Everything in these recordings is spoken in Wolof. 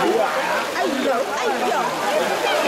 哎呦哎呦！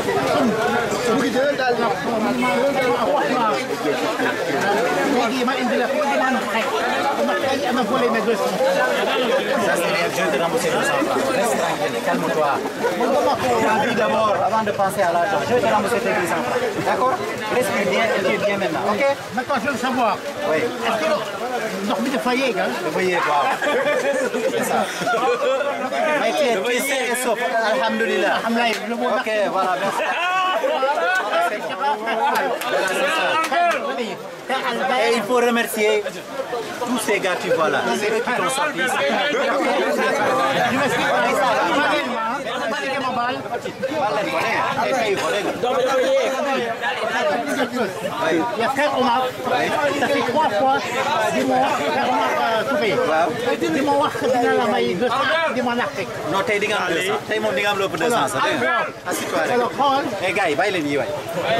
yi ma indi la ko dina am xeex ma xeex ma volé mes deux cents ça c'est le jeu de rembourser 200 francs reste tranquille calme-toi mon moment pour la vie d'abord avant de penser à l'argent je vais te rembourser tes 200 francs d'accord respire bien et tu es bien maintenant ok maintenant je veux savoir oui est-ce que ndox mi dafa yéeg ah dafa yéeg waaw c'est ça mais tu es sain et sauf alhamdoulilah ok voilà merci Et il faut remercier tous ces gars qui voient là, qui t'ont sorti. Il y a frère Omar, ça fait trois fois, dis-moi, frère Omar Touré, dis-moi wax dina la may deux cent, dis-moi nax rek. non tey di nga am deux cent tey moom di nga am lépp deux cent sax. assis-toi rek alors xool. eh gars yi bàyyi leen yi waay.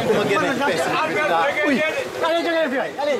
ku ma génne personne. allez jógee fi waay allez.